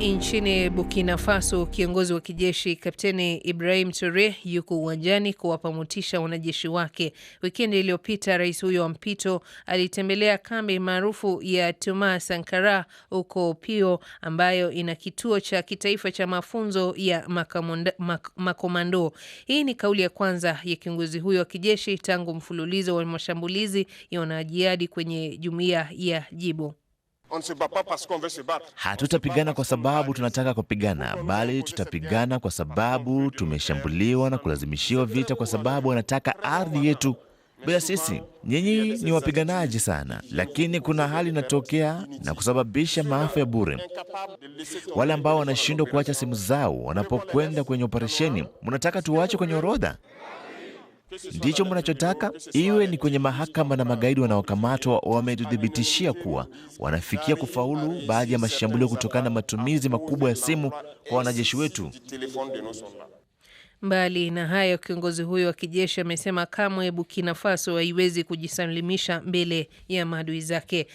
Nchini Burkina Faso, kiongozi wa kijeshi Kapteni Ibrahim tore yuko uwanjani kuwapa motisha wanajeshi wake. Wikendi iliyopita, rais huyo wa mpito alitembelea kambi maarufu ya Tuma Sankara huko Pio, ambayo ina kituo cha kitaifa cha mafunzo ya makamonda, mak, makomando. Hii ni kauli ya kwanza ya kiongozi huyo wa kijeshi tangu mfululizo wa mashambulizi ya wanajiadi kwenye jumuiya ya Jibo. Hatutapigana kwa sababu tunataka kupigana, bali tutapigana kwa sababu tumeshambuliwa na kulazimishiwa vita, kwa sababu wanataka ardhi yetu bila sisi. Nyinyi ni wapiganaji sana, lakini kuna hali inatokea na kusababisha maafa ya bure. Wale ambao wanashindwa kuacha simu zao wanapokwenda kwenye operesheni, mnataka tuwache kwenye orodha? ndicho mnachotaka? Iwe ni kwenye mahakama na magaidi wanaokamatwa wametuthibitishia kuwa wanafikia kufaulu baadhi ya mashambulio kutokana na matumizi makubwa ya simu kwa wanajeshi wetu. Mbali na hayo, kiongozi huyo wa kijeshi amesema kamwe bukina Faso haiwezi kujisalimisha mbele ya maadui zake.